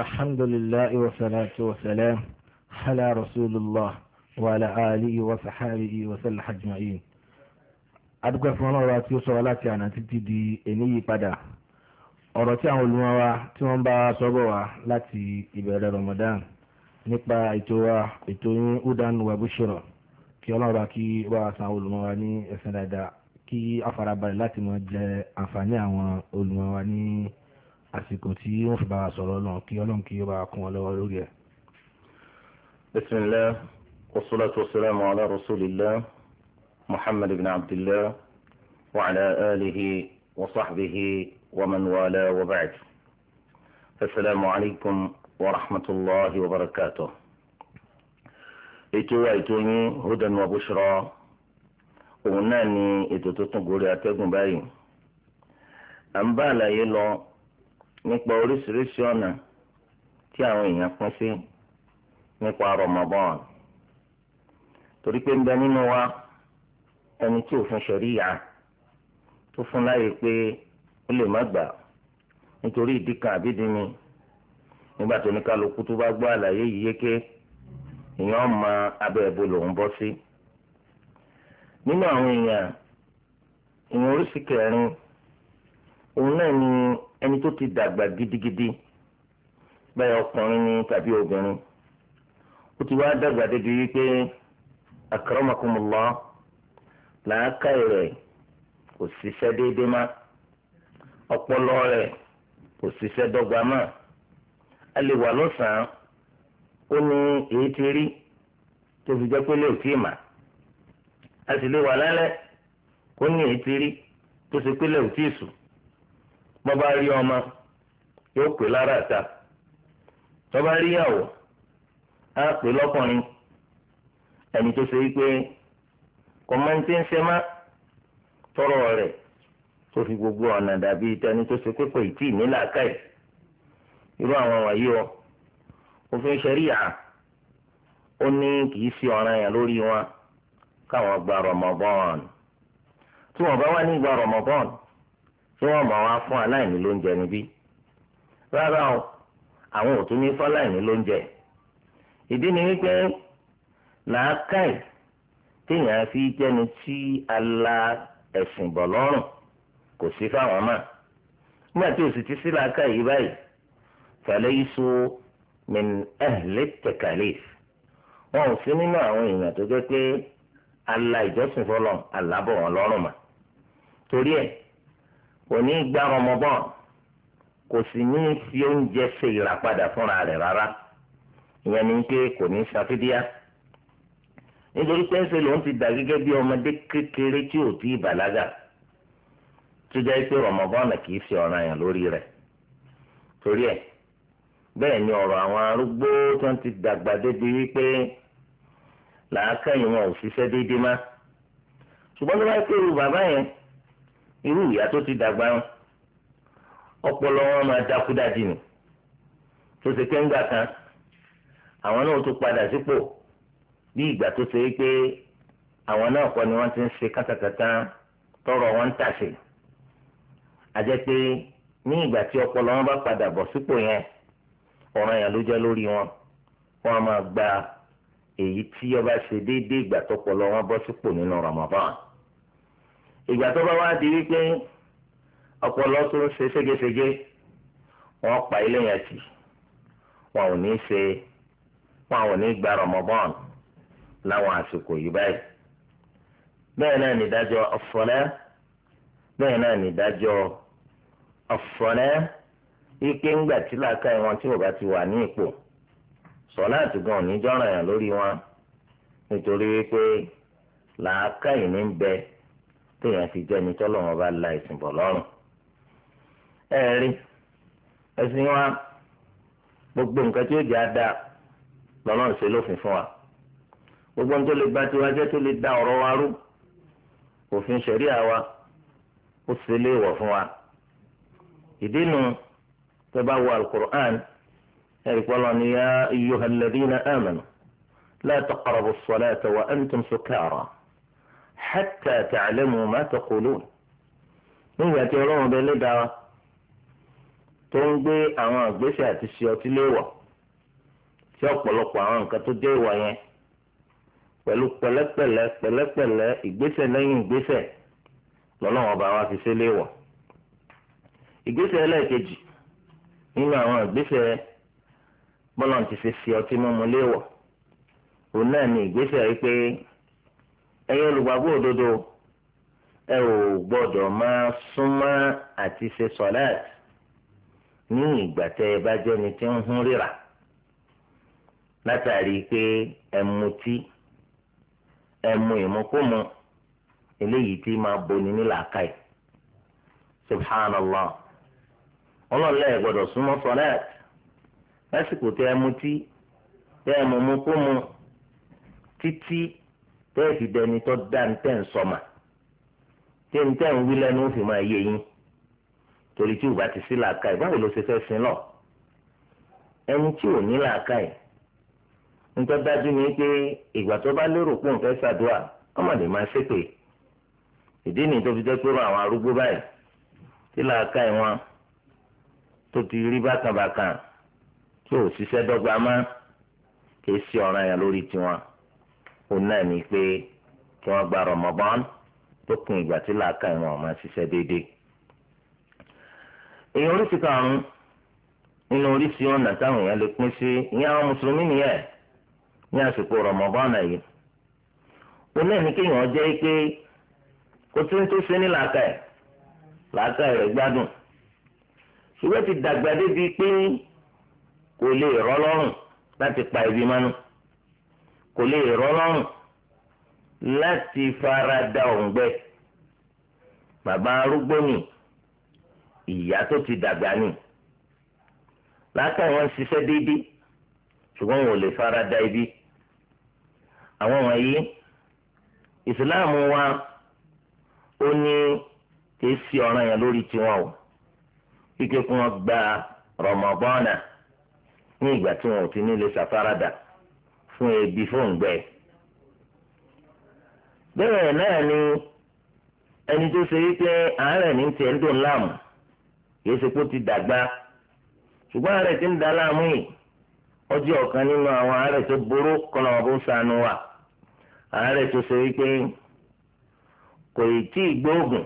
الحمد لله والصلاة والسلام على رسول الله وعلى آله وصحبه وسلم أجمعين adúgbò fún ọlọ́run àti ó sọ̀rọ̀ láti àná títí di èní yìí padà ọ̀rọ̀ tí àwọn olùmọ̀ wa tí wọ́n bá sọ́bọ̀ wa láti ìbẹ̀rẹ̀ Ramadan nípa ètò wa ètò yín udan wabushiro kí ọlọ́run àti wà sàn olùmọ̀ wa ní ẹ̀sìn dáadáa kí afárabalẹ̀ láti mọ̀ jẹ àǹfààní àwọn olùmọ̀ wa ní. Ni àsìkò tí ó fi bá sọ̀rọ̀ lọ kí ọlọ́run kí ó bá kún ọ lọ́wọ́ lórí ẹ̀. bismillah wassalatu wassalamu ala rasulillah muhammad ibn abdillah wa ala alihi wa sahbihi wa man wala wa ba'd. asalaamu alaykum wa rahmatulahi wa barakatuh. ètò wa ètò yín hudan wa bushra òun náà ni ètò tuntun gorí atẹ́gùn báyìí. à ń bá àlàyé lọ. nípa oríṣiríṣi ọ̀nà tí àwọn èèyàn pín sí nípa Ramadan torí pé ń bẹ nínú wa ẹni tí òfin ṣẹ̀ríyà tó fún láyè pé ó lè má gbà nítorí ìdí kan àbídí ni nígbà tó ní kálukú tó bá gbọ́ àlàyé yìí yéké èèyàn mọ abẹ́ ẹ̀bọ lòún bọ́ sí. nínú àwọn èèyàn ìwọ̀n oríṣi kẹrin òun náà ni ẹni tó ti dàgbà gidigidi bẹ́ẹ̀ ọkùnrin ni tàbí obìnrin ó ti wá dàgbà débi wípé akramakumullah làákàyè rẹ̀ kò ṣiṣẹ́ déédéé má ọpọlọ rẹ̀ kò ṣiṣẹ́ dọ́gba má a lè wà lọ́sàn-án ó ní èyí ti rí tó fi jẹ́ pé lè tí a sì lè wà lálẹ́ kó ní èyí ti rí tó ṣe pé lè tí bọ́bá rí ọmọ yóò pè lára àta tọ́bá rí ìyàwó á pè lọ́kùnrin ẹni tó ṣe wípé kọ́mọ́ntì ń ṣe má tọrọ rẹ̀ tó fi gbogbo ọ̀nà dàbí ìtẹni tó ṣe pé kò ì tí ì nílà káì irú àwọn wọ̀nyí o òfin ṣẹ̀ríyà ó ní kì í ṣe ọ̀ràn yẹn lórí wọn káwọn gba rọmọbọ́ọ̀nù tí wọ́n bá wà ní ìgbà rọmọbọ́ọ̀nù tí wọ́n máa wá fún aláìní lóúnjẹ níbí rárá o àwọn ò tún ní fọláìní lóúnjẹ ìdí ni wípé làákàì téèyàn fi jẹni tí ala ẹ̀sìn bọ̀ lọ́rùn kò sí fáwọn náà nígbà tí òsì ti sí làákàì yìí báyìí falaysu min ahli takalif wọn ò sí nínú àwọn èèyàn tó jẹ́ pé ala ìjọsìn fọlọ́ alábọ̀ wọn lọ́rùn mà torí ẹ̀ kò ní í gba Ramadan kò sì ní í fi oúnjẹ ṣe ìràpadà fúnra rẹ̀ rárá ìyẹn ni pé kò ní í ṣàfidíyà nítorí pé ńṣe lòun ti dà gẹ́gẹ́ bí ọmọdé kékeré tí ò tí ì bàlágà tó jẹ́ pé Ramadan kì í ṣe ọ̀ràn yàn lórí rẹ̀ torí ẹ̀ bẹ́ẹ̀ ni ọ̀rọ̀ àwọn arúgbó tó ń ti dàgbà débi wípé làákàyè wọn ò ṣiṣẹ́ déédéé má ṣùgbọ́n tó bá pé irú bàbá yẹn irú ìyá tó ti dàgbà wọn ọpọlọ wọn máa dákúdájì ni tó ṣe kéńgà kan àwọn náà tó padà sípò bí ìgbà tó ṣe pé àwọn náà kọ́ ni wọ́n ti ń ṣe kátàkátà tọrọ wọn ń tàṣe àjẹ́ pé ní ìgbà tí ọpọlọ wọn bá padà bọ̀ sípò yẹn ọ̀ràn yẹn ló jẹ́ lórí wọn wọ́n máa gba èyí tí ó ṣe déédéé ìgbà tọpọlọ wọn bọ́ sípò nínú Ramadan ìgbà tó bá wá di wípé ọpọlọ tó ń ṣe ségesège wọn pa ilé yẹn tì wọn ò ní ṣe wọn ò ní gba rọmọbọn láwọn àsìkò yìí báyìí bẹ́ẹ̀ náà nìdájọ́ náà ike ńgbà tí làákà wọn tí bá ti wà ní ipò sọlá àtúgàn òní jọràn yàn lórí wọn nítorí wípé làákà yìí ní téèyàn fi jẹ́ ẹni tọ́lọ́wọ́n bá la ẹ̀sìn bọ̀ lọ́rùn. ẹ rí ẹ̀sìn wa gbogbo nǹkan tí ó jẹ́ àdá lọ́nà ṣe lófin fún wa gbogbo nǹkan tó lè gba tiwa jẹ́ tó lè da ọ̀rọ̀ wa rú òfin ṣẹ̀ríà wa ó ṣe léèwọ̀ fún wa ìdí tó bá wọ alukur'an ẹ̀rí pọ́lọ́ ni yá ayyuhalladhina amanu la taqrabu as-salata wa antum sukara. hatta ta'lamu ma taqulun nígbà tí ọlọ́run bẹ lẹ́dàá tó ń gbé àwọn àgbésẹ̀ àti ṣe ọtí léèwọ̀ tí ọ̀pọ̀lọpọ̀ àwọn nǹkan tó yẹn pẹ̀lú ọba wa fi nínú àwọn fi ọtí mímu òun náà yìí pé ẹ̀yin olùgbàgbọ́ òdodo ẹ ò gbọ́dọ̀ máa súnmọ́ àti ṣe sọ̀láàtì ní ìgbà tẹ́ ẹ bá jẹ́ni tí ń hún ríra látàrí pé ẹ mutí ẹ mu ìmúkúmu eléyìí tí máa boni ní làákàyè subhanallah ọlọ́lá ẹ gbọ́dọ̀ súnmọ́ sọ̀láàtì lásìkò tẹ́ ẹ mutí ẹ mu mú títí tẹ́ẹ̀sì dẹni tó dá ní tẹ́ ń sọmà tí ní tẹ́ ń wí lẹ́nu ó fi máa yé yín torí tí ìwà ti sí làákàyè báwo ló ṣe fẹ́ sin lọ ẹni tí ò ní làákàyè nítorí dájú ni pé ìgbà tó bá lérò pé òun fẹ́ ṣàdúrà ọmọdé máa ṣépè ìdí nìyí tó fi jẹ́ pé àwọn arúgbó báyìí tí làákàyè wọn tó ti rí bákàbàkà tí ò ṣiṣẹ́ dọ́gba mọ́ kì í ṣe ọ̀ràn yẹn lórí tiwọn. òun náà ni pé kí wọ́n gba Ramadan lópin ìgbà tí làákà ìwọn ọmọ ṣiṣẹ́ déédéé. èèyàn oríṣi karùn-ún nínú oríṣi ọ̀nà táwọn èèyàn lè pín sí ìyẹn àwọn mùsùlùmí nìyẹn ní àsìkò Ramadan yìí. òun náà ni kéèyàn jẹ́ pé kó tí ń tó ṣe ní làákà ẹ̀ làákà rẹ̀ gbádùn ṣùgbọ́n ti dàgbà débi pé kò lè rọ́ lọ́rùn láti pa ibi kò lè rọrùn láti fara da òǹgbẹ bàbá arúgbó ni ìyá tó ti dàgbà ni látàwọn ń ṣiṣẹ́ déédéé ṣùgbọ́n wọn ò lè fara da ibi àwọn wọ̀nyí ìsìláàmù wa ó ní kì í sí ọ̀ràn yẹn lórí tiwọn o kíkẹ́ kí wọ́n gba rọmọbọ́nà ní ìgbà tí wọn ò ti ní lè ṣàfaradà. fún ebi fún gbẹ bẹ́ẹ̀ náà ni ẹni tó ṣe wípé àárẹ̀ ní tiẹ̀ ń dùn láàmú yìí ṣe pé ó ti dàgbà ṣùgbọ́n àárẹ̀ ti ń da láàmú yìí ọjọ́ ọ̀kan nínú àwọn àárẹ̀ tó burú kọ́nà ọ̀bọ̀ sànù wà àárẹ̀ tó ṣe wípé kò ì tí ì gbóògùn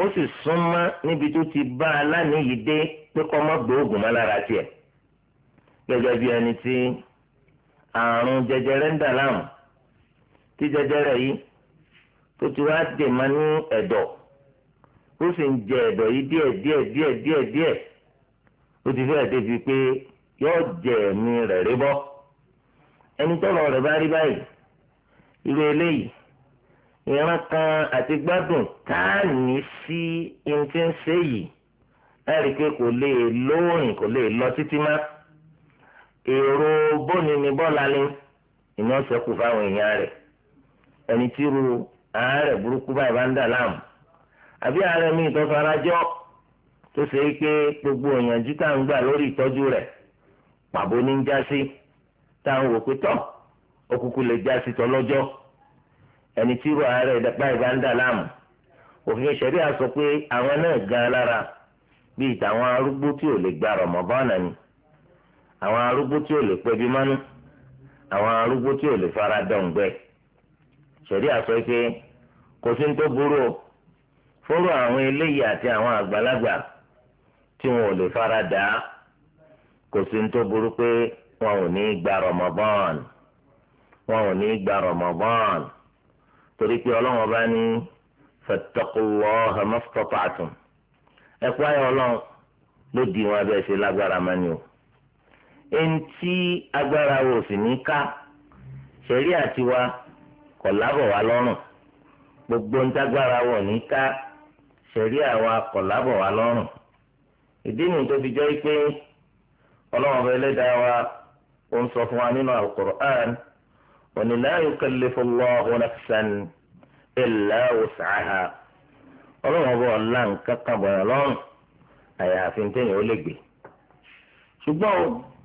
ó sì súnmọ́ níbi tó ti bá a lánìí yìí dé pé kọ́ mọ́ gbóògùn mọ́ lára tiẹ̀ gẹ́gẹ́ bí ẹni àrùn jẹjẹrẹ ń dà láàmú tí jẹjẹrẹ yìí tó ti wá dè má ní ẹ̀dọ̀ ó sì ń jẹ ẹ̀dọ̀ yìí díẹ̀ díẹ̀ díẹ̀ díẹ̀ díẹ̀ ó ti fẹ́ẹ̀ débi pé yóò jẹ ẹ̀mí rẹ̀ rí bọ́ ẹni tọ́lọ̀ rẹ̀ bá rí báyìí irú eléyìí ìran kan àti gbádùn táàní sí ohun tí ń ṣe yìí láì rí i pé kò lè lóòrìn kò lè lọ títí máa. èrò bóni ni bọ́ọ̀lù alẹ́ ìní ọ̀sẹ̀ kù fáwọn èèyàn rẹ̀ ẹni tí ru burúkú báyìí bá ń dà láàmú àbí àárẹ̀ mi tó ṣe pé gbogbo òyànjú tá à ń gbà lórí ìtọ́jú rẹ̀ pàbó ní ń já tá à ń wò pé tọ́ òkùnkùn lè já tọ́lọ́jọ́ ẹni tí ru báyìí bá ń dà láàmú òfin ìṣẹ̀rí àsọ pé àwọn náà gan lára bíi tàwọn arúgbó tí ò àwọn arúgbó tí ò lè pẹbi mánú àwọn arúgbó tí ò lè fara dọ̀ǹgbẹ ṣẹ̀rí àsọ pé kò sí ní tó burú fóró àwọn eléyìí àti àwọn àgbàlagbà tí wọn ò lè fara dà kò sí ní tó burú pé wọn ò ní gba Ramadan wọn ò ní gba Ramadan torí pé ọlọ́wọ́n bá ní fattaqullaha mastata'tum ẹ̀kú ayọ̀ ló di eŋti agbára wo si ní ká ṣẹ̀rí àtiwa kọ̀ lábọ̀ lọ́rùn gbogbo ń tágbára wọ̀ ní ká ṣẹ̀rí àwa kọ̀ lábọ̀ lọ́rùn ìdí nìyí tó fi jẹ́ pé ọlọ́run ọba ẹlẹ́dàá wa ó ń sọ fún wa nínú ọlọ́run ọba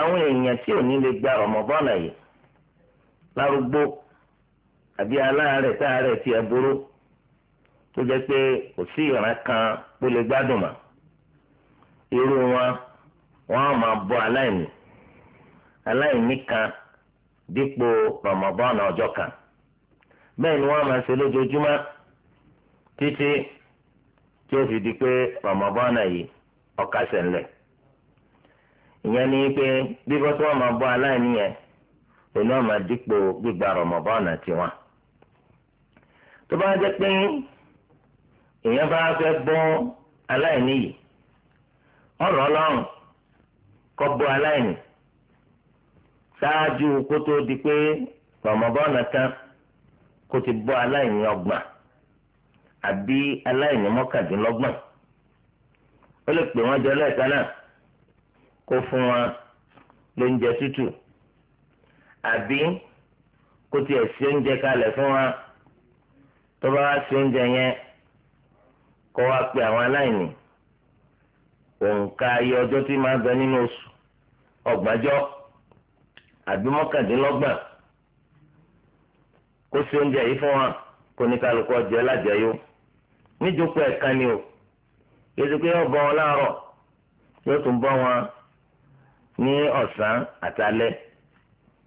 àwọn èèyàn tí ò ní lè gba ọmọbọ́nà yìí lárúgbó àbí aláàárẹ̀ táàárẹ̀ tí ẹ burú tó jẹ́ pé kò sí ìran kan tó lè gbádùn mọ́ irú wọn wọn á máa bọ́ aláìní aláìní kan dípò ọmọbọ́nà ọjọ́ kan bẹ́ẹ̀ ni máa ṣe lójoojúmọ́ títí tí ó fi di pé ọmọbọ́nà yìí ìyẹn ni pé bíbọ́ tí wọ́n máa bọ́ aláìní yẹn òun náà máa dípò gbígba tiwọn. tó bá jẹ́ pé ìyẹn bá fẹ́ bọ́ aláìní yìí ọ̀rọ̀ ọlọ́run kọ́ bọ́ aláìní ṣáájú kó tó di pé rọ̀mọ̀bọ́ọ̀nà kan kó ti bọ́ aláìní ọgbọ̀n àbí aláìní mọ́kàndínlọ́gbọ̀n ó lè pè wọ́n kó fún wa lóúnjẹ tútù àbí kó tiẹ̀ sí oúnjẹ kalẹ̀ fún wa tó bá wá sí oúnjẹ yẹn kó wá pe àwọn aláìní òǹkà ayé ọjọ́ tí máa bẹ nínú oṣù ọgbàjọ́ àbí mọ́kàndínlọ́gbọ̀n kó sí oúnjẹ yìí fún wa kó ní kálukú ọjọ́ lájẹyó níjókòó ẹ̀ka ni o yéésù yóò bọ́ wọn láàárọ̀ yóò tún bọ́ wọn ní ọ̀sán àtàlẹ́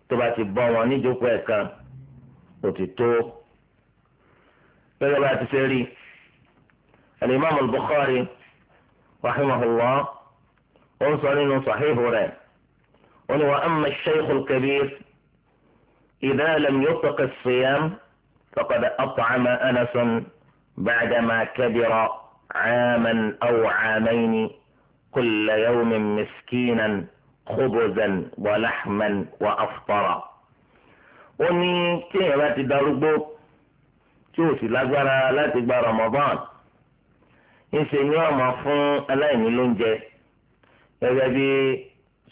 tó bá ti bọ́ wọn níjókòó ẹ̀kan ò ti òtítọ́ gẹ́gẹ́ bá ti ṣe rí alimami al-Bukhari rahimahullah ó ń sọ nínú sàhíhù rẹ̀ ó ní wa amma al-shaykh al-kabir idha lam yutiq as-siyam faqad at'ama anasan ba'dama kabira caaman aw caamayn kulla yawmin miskiinan. khubuzan wa lahman wa aftara ó ní kéèyàn bá ti darúgbó tí ó sì lágbára láti gba Ramadan ńṣe ni wọn máa fún aláìní lóúnjẹ gẹ́gẹ́ bí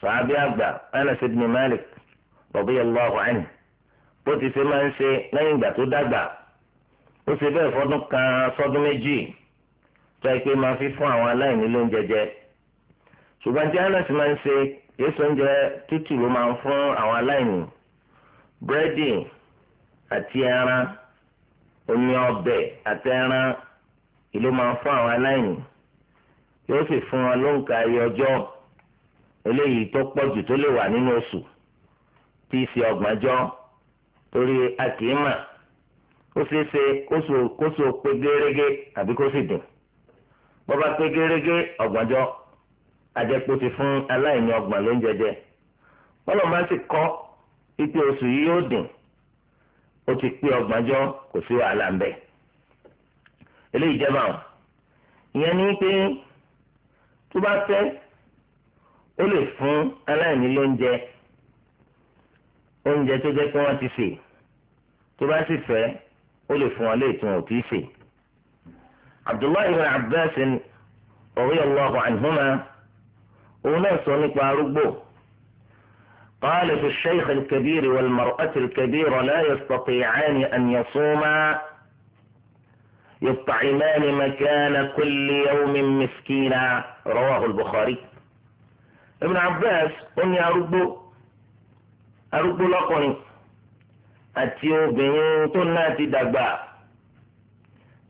sàábí àgbà Anas ibn Malik radiyallahu anhu bó ti ṣe máa ń ṣe lẹ́yìn ìgbà tó dàgbà ó ṣe bẹ́ẹ̀ fọdún kan sọdún méjì tó ẹ pé máa fi fún àwọn aláìní lóúnjẹ jẹ ṣùgbọ́n tí Anas máa ń ṣe kìí ṣe oúnjẹ tútù ló máa ń fún àwọn aláìní búrẹ́dì àti ẹran omi ọbẹ̀ àti ẹran ìlú máa ń fún àwọn aláìní yóò sì fún wọn lóǹkà ayé ọjọ́ eléyìí tó pọ̀jù tó lè wà nínú oṣù tí í ṣe ọgbọ̀njọ́ torí a kìí mà ó ṣeé ṣe kóso pé gérégé àbí kó sì dùn bá pé gérégé àjẹpọ̀ ti fún aláìní ọgbọ̀n ló ń jẹjẹ bọ́lọ̀ máa ti kọ́ ipe oṣù yìí yóò dùn ó ti pé ọgbọ̀njọ́ kò sí wàhálà ń bẹ̀ eléyìí jẹba o ìyẹn ni pé tó bá fẹ́ ó lè fún aláìní lóúnjẹ oúnjẹ tó jẹ́ pé wọ́n ti sè tó bá sì fẹ́ ó lè fún wọn léètún òtí sè Abdullahi ibn Abbas radiyallahu anhuma. òun náà sọ قال في الشيخ الكبير والمرأة الكبيرة لا يستطيعان أن يصوما يطعمان مكان كل يوم مسكينا رواه البخاري ابن عباس أني أربو أربو لقني أتيو بين تناتي دقبا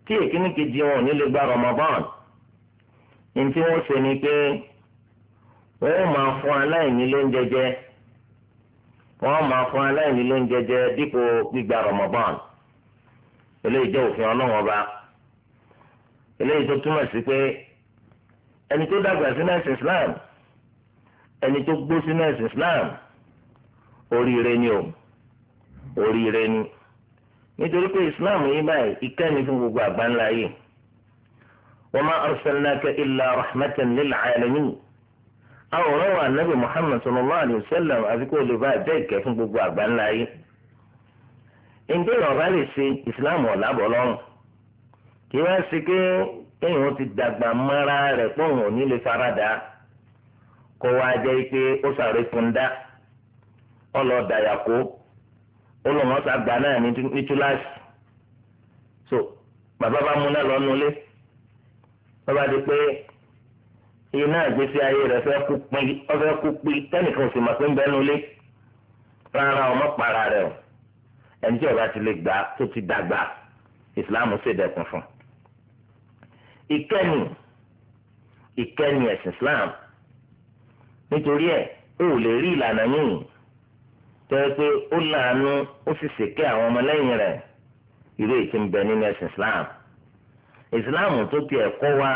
تيكني كجيوني لقبا رمضان انتي سنيكي wọ́n máa fún aláìní lóúnjẹ jẹ wọ́n máa fún aláìní lóúnjẹ jẹ dípò gbígba Ramadan eléyìí jẹ́ òfin ọlọ́run ọba eléyìí tó túmọ̀ sí pé ẹni tó dàgbà sínú ẹ̀sìn Islam ẹni tó gbó sínú ẹ̀sìn Islam oríire ni o oríire ni nítorí pé Islam yìí báyìí ìkẹ́ni fún gbogbo àgbáńlá yìí wa ma arsalnaka illa rahmatan lil alamin àwòrán wa nabi muhammad sallallahu alayhi wa sallam àti kó lè bá jẹ́ ìkẹ́ fún gbogbo àgbáńlá yìí ǹjẹ́ ìyọ̀bá lè ṣe ìsìláàmù ọ̀làbọ̀ lọ́rùn kí wọ́n ṣe pé kéèyàn ti dàgbà mọ́ra rẹ̀ pọ̀hùn òní lè farada kó wáá jẹ́ pé ó sàré fún dá ọlọ́dàyàkó olùmọ̀ọ́sà gbà náà ní túláàsì so bàbá bá múná lọ́nulẹ̀ bàbá di pé iná ìgbésí ayé rẹ̀ fẹ́ kú pín ọfẹ́ kú pín tẹ́nìkan sì mọ̀ pé ń bẹ́nu lé rárá ọmọ para rẹ̀ o ẹni tí ọba ti lè gbà tó ti dàgbà ìsìláàmù ṣèdẹ̀kùn fún ìkẹ́ni ìkẹ́ni ẹ̀sìn islam nítorí ẹ̀ ó lè rí ìlànà yìí tẹ́lẹ̀ pé ó láàánú ó sì ṣèkẹ́ àwọn ọmọlẹ́yìn rẹ̀ ìró ìtì nínú ẹ̀sìn islam islam tó ti ẹ̀kọ́ wa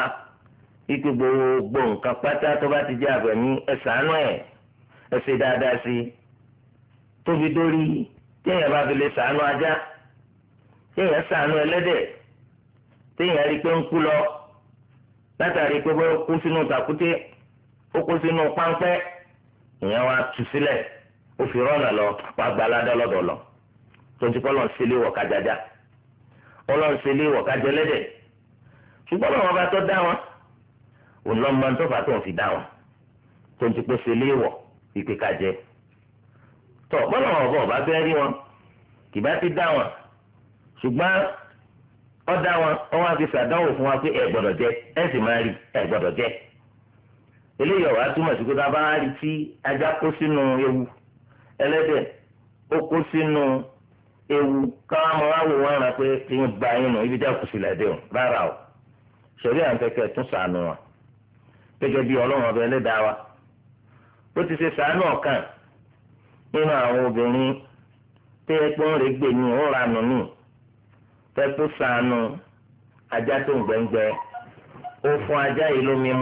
ikpe gbogbo nǹkan pátá tó bá ti jẹ́ àbẹ̀mí ẹ̀sánú ẹ̀ ẹ̀sẹ̀ dáadáa sí tóbi dórí téèyàn bá fi lè sànú ajá téèyàn sànú ẹlẹ́dẹ̀ téèyàn rí pé ń kú lọ látàrí pé bó kú sínú takute ó kú sínú páńpẹ́ ìyẹn wá tú sílẹ̀ ó fi rọ́ọ̀nà lọ wá gba lọ́dọ̀ lọ kọ́ lọ́n sílé wọ̀ kájájá òun lọ mọ tó fà tó ń fi dá wọn tó ń ti pé ṣe léèwọ̀ ìpè kájẹ tọ bọ́lá wọn bọ̀ bá fẹ́ rí wọn kì bá ti dá wọn ṣùgbọ́n ó dá wọn ó wá fi ṣàdánwò fún wa pé ẹ gbọ́dọ̀ jẹ ẹ sì máa rí ẹ gbọ́dọ̀ jẹ eléyìí ọ̀rọ̀ àtúmọ̀ sí pé tá rí tí ajá kó sínú ewu ẹlẹ́dẹ̀ ó kó sínú ewu káwọn ọmọ wa wò wọn rà pé kí n gba yín nù ibi tí a kù sílẹ̀ dé o rárá o ṣẹ̀rí à ń fẹ́ tún sànù wọn. gẹ́gẹ́ bí ọlọ́run ọbẹ̀ ẹlẹ́dàá wa bó ti ṣe sàánù ọ̀kan nínú àwọn obìnrin tẹ́ ẹ pé ń rè gbè ní ranù tẹ́ tó ajá tó ń gbẹ́ngbẹ́ ó fún ajá yìí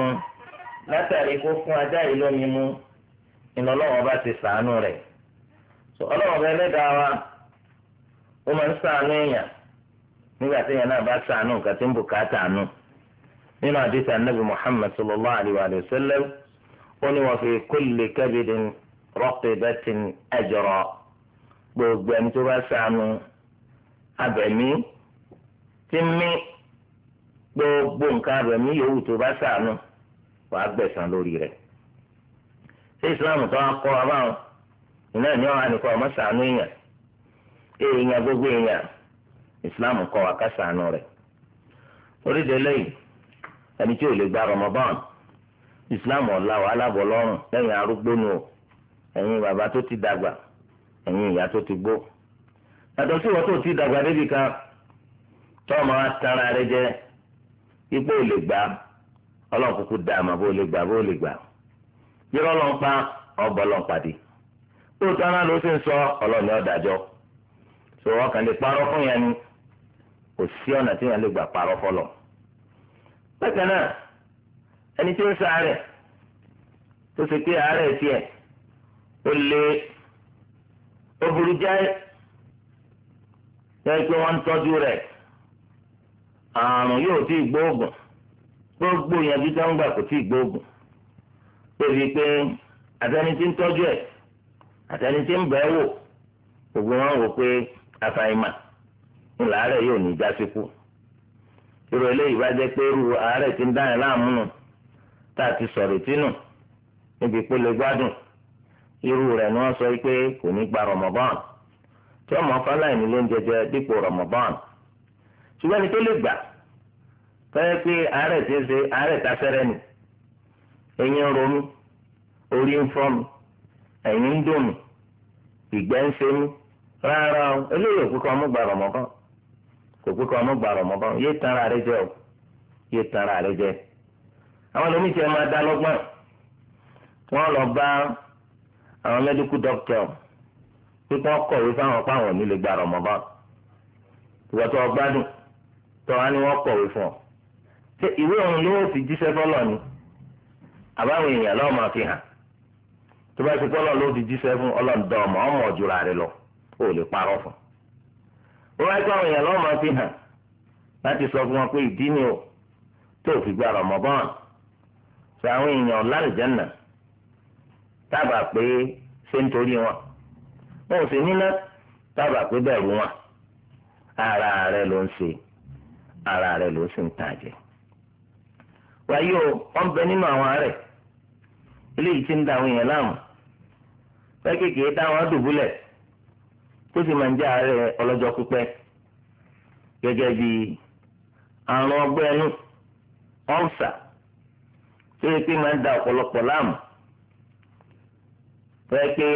látàrí kó fún ajá yìí ti rẹ̀ ọlọ́run ọbẹ̀ ẹlẹ́dàá wa nínú àdìsí anabi muhammad sallallahu alayhi wa sallam ó ní wa fi kulli kabidin raqibatin ajra gbogbo ẹni tó bá sànù abẹ̀mí tí mí gbogbo nǹkan abẹ̀mí yòówù tó bá sànù wàá gbẹ̀sán lórí rẹ̀ ṣé ìsìláàmù tó wá kọ́ ẹni tí ò lè gba Ramadan Islam ọ̀la wà alábọ̀ lọ́rùn lẹ́yìn arúgbó nu o ẹ̀yin bàbá tó ti dàgbà ẹ̀yin ìyá tó ti gbó yàtọ̀ sí tó ti dàgbà débi kan tọ́ọ̀mù atara rẹ jẹ ipò ò lè gbà ọlọ́run kúkú dá bó lè gbà bó lè gbà pa ọ̀bọ̀ pàdé tó tán ló bákan náà ẹni tí ń ṣàárẹ̀ tó ṣe pé àárẹ̀ tiẹ̀ ó lé ó burú jáì jẹ́ pé wọ́n ń tọ́jú rẹ̀ àrùn yóò tí ì gbóògùn gbogbo ìyànjú tí wọ́n gbà kò tí ì gbóògùn débi pé àtẹni tí ń tọ́jú ẹ̀ àtẹni tí ń bẹ̀ẹ́ wò gbogbo wọn wò pé àfàìmà ńlá rẹ̀ yóò ní ìdásíkú. irú eléyìí bá jẹ́ pé irú àárẹ̀ ti ń dáhìn láàmú nù tá a ti sọ̀rọ̀ tínú níbi ìpele gbádùn irú rẹ̀ ni wọ́n sọ pé kò ní gba Ramadan tí ọmọ fáláìní ló ń jẹjẹ dípò Ramadan ṣùgbọ́n ẹni tó lè gbà fẹ́ẹ́ pé àárẹ̀ ti ń ṣe àárẹ̀ ta fẹ́rẹ́ nì eyín ń romú orí ń fọ́ mi ẹ̀yìn ń dùn mí ìgbẹ́ ń gba kò pé kọ́ ọmọ gbà Ramadan yóò tan ara rẹ jẹ o yóò tan ara rẹ jẹ àwọn oníṣẹ́ máa dá lọ́gbọ́n wọ́n lọ bá àwọn mẹ́díkù dọ́kítọ̀ pé kí wọ́n kọ̀wé fáwọn páwọn ò ní lè gbà Ramadan ìwọ tó gbádùn tó wá ní wọ́n kọ̀wé fún ọ ṣé ìwé òun ló fi jíṣẹ́ fọ́lọ̀ ni àbáwọn èèyàn lọ́wọ́ máa fi hàn tó bá ti pọ́lọ̀ ló fi jíṣẹ́ fún ọlọ́dọ̀ ọmọ ọmọ ọ̀jùra rẹ lọ ó lè parọ́ fún ó wáyé pé àwọn èèyàn lọ́wọ́ máa fi hàn láti sọ fún wọn pé ni o tó fi gba Ramadan sọ àwọn èèyàn lálùjẹ́nà tábà pé ṣé ń torí wọn wọn ò sì níná tábà pé bẹ̀rù wọn ara rẹ ló ń ṣe ara rẹ ló sì ń tàjẹ́ wáyé o bẹ àwọn eléyìí ti ń da àwọn èèyàn láàmú kékeré táwọn dùbúlẹ̀ tó sì máa ń jẹ́ àárẹ̀ ọlọ́jọ́ pípẹ́ gẹ́gẹ́ bí àrùn ọgbẹ́ ẹnu ọ̀sà tó yẹ pé máa ń da ọ̀pọ̀lọpọ̀ láàmú tó pé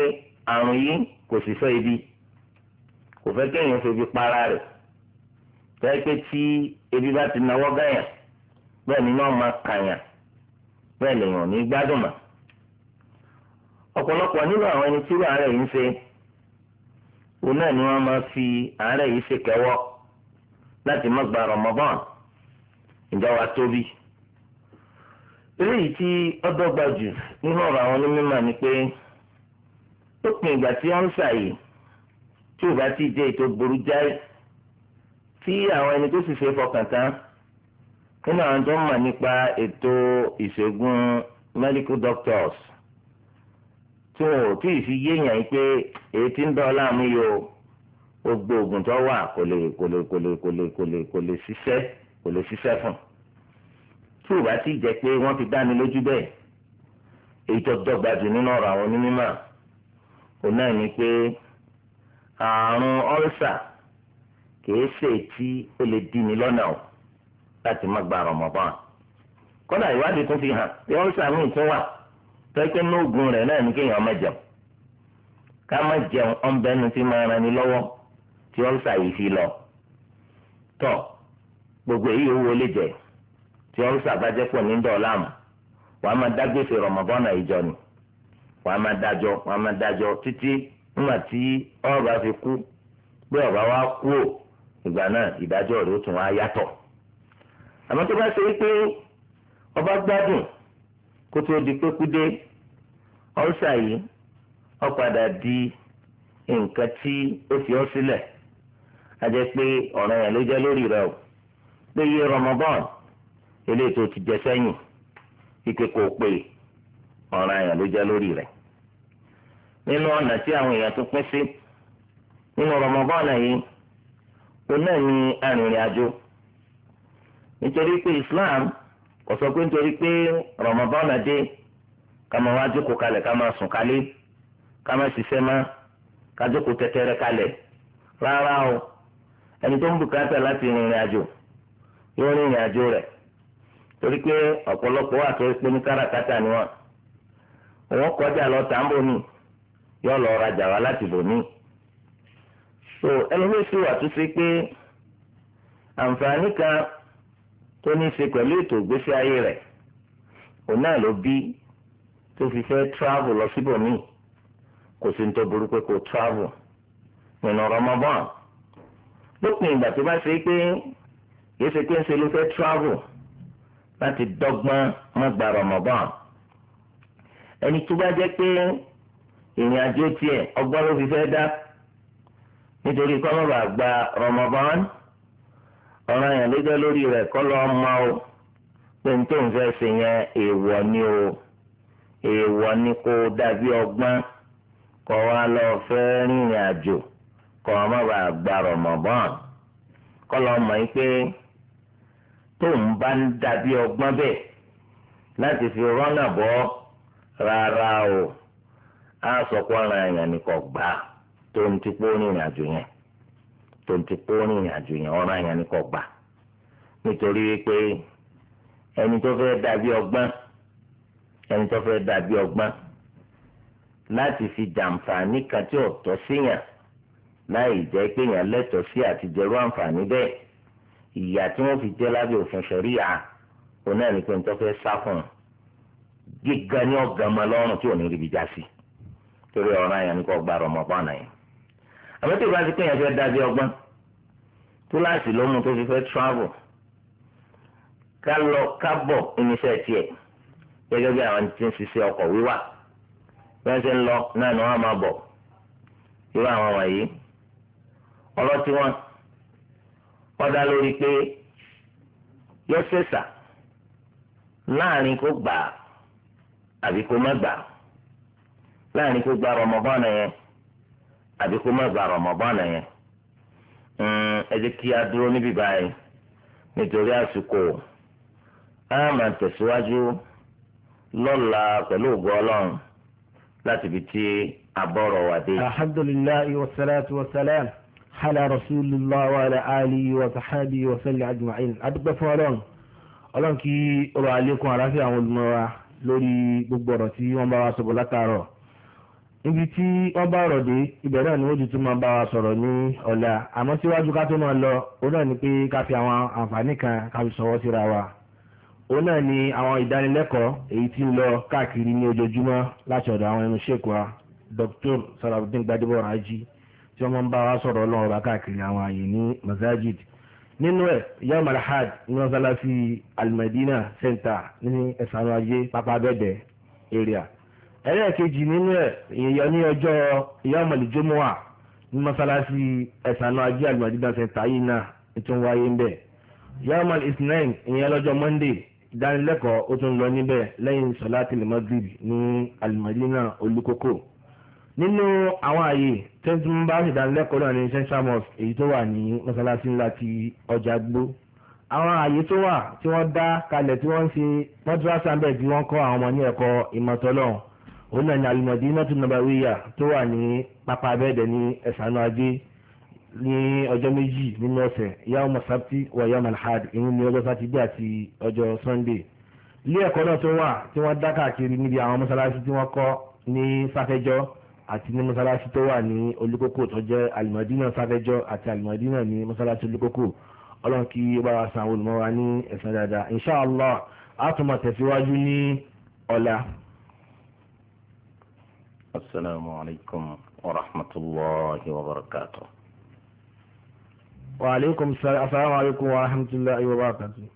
àrùn yìí kò sì fẹ́ ibi kò fẹ́ kéèyàn fi ibi para rẹ̀ tó pé tí ebi bá ti nawọ́ ni máa kàyàn bẹ́ẹ̀ lèèyàn ní gbádùn ọ̀pọ̀lọpọ̀ nínú àwọn ẹni tí wàá rẹ̀ òun náà ni wọ́n máa fi àárẹ̀ yìí ṣèkẹ́wọ́ láti má gba Ramadan ìjọ wa tóbi eléyìí tí ó dọ́gba jù nínú ọ̀rọ̀ àwọn onímọ̀ ni pé ó pin ìgbà tí wọ́n ń ṣàyè tí ò bá ti jẹ́ ètò burú jáì tí àwọn ẹni tó sì ṣe fọkàn tán nínú àwọn tó ń mọ̀ nípa ètò ìṣègùn medical doctors tó o tí ì fi yéèyàn pé èyí tí ń dán láàmú yìí gbogbo oògùn tó wà kò lè kò lè kò lè kò lè kò lè kò lè ṣiṣẹ́ kò lè ṣiṣẹ́ fún tí ò bá ti jẹ́ pé wọ́n ti dá mi lójú bẹ́ẹ̀ èyí tó dọ́gba jù nínú ọ̀rọ̀ àwọn onímọ̀ náà ní pé ààrùn mi lọ́nà o láti má gba ìwádìí tún fi hàn pé tún tẹ́kẹ́ nógun rẹ̀ náà ní kéèyàn má jẹun ká má jẹun ọ̀nbẹ́nu ti máa ran ni lọ́wọ́ tí yìí fi lọ tọ́ gbogbo èyí owó lè jẹ tí ọ̀lsà bá jẹ́ pọ̀ ní dọ̀ọ́lámù wàá máa dágbèsè rọ̀mọ́bọ́nà ìjọ ni wàá máa dájọ́ wàá máa dájọ́ títí nígbà tí ọ̀rọ̀ bá fi kú pé wa kú ò ìgbà náà ìdájọ́ rẹ̀ ó tún wá yàtọ̀ àmọ́ ọba gbádùn kó tó di pé kú ọ̀nsà yìí ọ padà di nǹkan tí ó fi ọ́ sílẹ̀ a jẹ́ pé ọ̀ràn yẹn ló jẹ́ lórí o pé iye Ramadan eléyìí tó ti jẹ sẹ́yìn ike kò pé ọ̀ràn yẹn ló jẹ́ lórí rẹ nínú ọ̀nà tí àwọn èèyàn tó pín sí nínú Ramadan yìí ni arìnrìn àjò nítorí pé Islam kò sọ pé nítorí pé Kama máa wá jókòó kalẹ̀ ká máa sùn kalẹ̀ ká máa ṣiṣẹ́ má ká jókòó tẹ́tẹ́rẹ́ kalẹ̀ rárá o ẹni tó ń bùkátà láti rìnrìn àjò yóò rìnrìn àjò rẹ̀ torí pé ọ̀pọ̀lọpọ̀ wà tó pé ní káràkátà ni wọn òun kọjá lọ tàǹbò ni yóò lọ rajà wá láti bò ní. so ẹlòmíì sì wà tó ṣe pé àǹfààní kan tó ní í ṣe pẹ̀lú ètò ìgbésí ayé rẹ̀ òun náà ló bí tó fi fẹ́ travel lọ síbòmíì kò sí ní tó burú kò travel nínú Ramadan lópin ìgbà tó bá ṣe pé kìí ṣe pé ń ṣe ló fẹ́ travel láti dọ́gbọ́n má gba Ramadan ẹni tó bá jẹ́ pé ìrìn àjò tiẹ̀ ọgbọ́n ló fi fẹ́ dá nítorí kọ́ mọ́ba gba Ramadan ọ̀ràn yẹn ló jẹ́ lórí rẹ̀ kọ́ lọ́ọ́ máa o pé ní tó fẹ́ ṣe yẹn èèwọ̀ ni o. èèwọ̀ ni kó o dàbí ọgbọ́n kọ́ wa lọ fẹ́ àjò kọ́ ọ má bàa gba kọ́ lọ mọ̀ yín pé tó ń bá ń dábí ọgbọ́n bẹ́ẹ̀ láti fi rọ́nà bọ́ o á sọ pé ọ̀ràn èèyàn gbà tó ń ti pọ́ rìnrìn ẹni tó fẹ́ dàbí ọgbọ́n láti fi jàǹfààní kan tí ò tọ́ síyàn láì jẹ́ pé yàn lẹ́tọ̀ọ́ sí àti jẹrú àǹfààní bẹ́ẹ̀ ìyà tí wọ́n fi jẹ́ lábẹ́ òfin ṣẹ̀ríyà òun náà ní pé nítorí fẹ́ sá fún un gíga ní ọ̀gá ọmọ lọ́rùn tí ò ní ríbi já sí torí ọ̀ràn yẹn ní kò gba ọmọ pọ́nà yẹn àmọ́ tí ìbá fẹ́ dábí ọgbọ́n túláàsì ló mú tó fi fẹ́ travel ká lọ ká bọ̀ tiẹ̀ gẹ́gẹ́ bí àwọn tí ń ṣiṣẹ́ ọkọ̀ wíwà bí wọ́n ṣe ń lọ náà ni wọ́n máa bọ̀ irú àwọn wọ̀nyí ọlọ́tí wọn wọ́n dá lórí pé yọ ṣèṣà láàrin kó gbà àbí kó má gbà láàrin kó gba rọmọbọ́nà yẹn àbí kó má gba rọmọbọ́nà yẹn hmm, ẹ jẹ́ kí a dúró níbí báyìí nítorí àsìkò a máa tẹ̀síwájú lọ́la pẹ̀lú ògo ọlọ́run láti fi ti abọ́rọ̀ wa dé. alhamdulilayi wa salatu wa salam ala rasulillah wa ala alihi wa sahabi wa salli ajma'in adúgbò fún ọlọ́run ọlọ́run kí ọrọ̀ àlékún àlàáfíà àwọn olùmọ̀ wa lórí gbogbo ọ̀rọ̀ tí wọ́n bá wa sọ̀bọ̀ látàárọ̀ ibi tí wọ́n bá ọ̀rọ̀ dé ibẹ̀ náà ni wọ́n ti tún máa bá wa sọ̀rọ̀ ní ọ̀la àmọ́ síwájú ká tó máa lọ òun náà ni pé ká fi àwọn àǹfààní kan ká fi sọwọ́ síra wa òun náà ni àwọn ìdánilẹ́kọ̀ọ́ èyí tí ń lọ káàkiri ní ojoojúmọ́ láti ọ̀dọ̀ àwọn ẹnu ṣèkù wa Dr. Sarafudin Gbadebo Raji tí wọ́n máa ń bá wa sọ̀rọ̀ ọlọ́run bá káàkiri àwọn àyè ní masajid nínú ẹ̀ yom alhad ní mọ́sálásí almadina center ní ẹ̀sán ajé pápá area ẹlẹ́ẹ̀kejì nínú ẹ̀ èèyàn ní ọjọ́ yom alijumua ní mọ́sálásí ẹ̀sán ajé almadina center yìí náà ètò ń wáyé ń bẹ̀ yom alisnain ìyẹn lọ́jọ́ monday ìdánilẹ́kọ̀ọ́ ó tún lọ níbẹ̀ lẹ́yìn sọ̀láàtì lẹ́mọ́dìrì ní alimadina olúkókò nínú àwọn àyè tí wọ́n tún bá ìdánilẹ́kọ̀ọ́ náà ní central mosque èyí tó wà ní mọ́sálásí ńlá ti ọjà gbó àwọn àyè tó wà tí wọ́n dá kalẹ̀ tí wọ́n ń ṣe mọ́dúrásà ń bẹ̀ tí wọ́n kọ́ àwọn ọmọ ní ẹ̀kọ́ ìmọ̀tọ́lọ́hún òun náà ní alimadina tún nàbàwíyà tó wà ní pápá abẹ́ẹ̀dẹ̀ ní ẹ̀sánú ajé ní ọjọ́ méjì nínú ọ̀sẹ̀ yàwó masabti wà yàwó malhad ìyún ní ọjọ́ sátidé àti ọjọ́ sunday ilé ẹ̀kọ́ náà tó wà tí wọ́n dá káàkiri níbi àwọn mọ́sálásí tí wọ́n kọ́ ní sáfẹ́jọ́ àti ní mọ́sálásí tó wà ní olúkókò tó jẹ́ alimọ̀dínà sáfẹ́jọ́ àti alimọ̀dínà ní mọ́sálásí olúkókò ọlọ́run kí ó bá wa san olùmọ́ wa ní ẹ̀san dáadáa inṣàlá a tún máa tẹ̀síwájú ní ọ̀la. asalaamualeykum wa rahmatulahi wa barakatuh. وعليكم السلام عليكم ورحمة الله وبركاته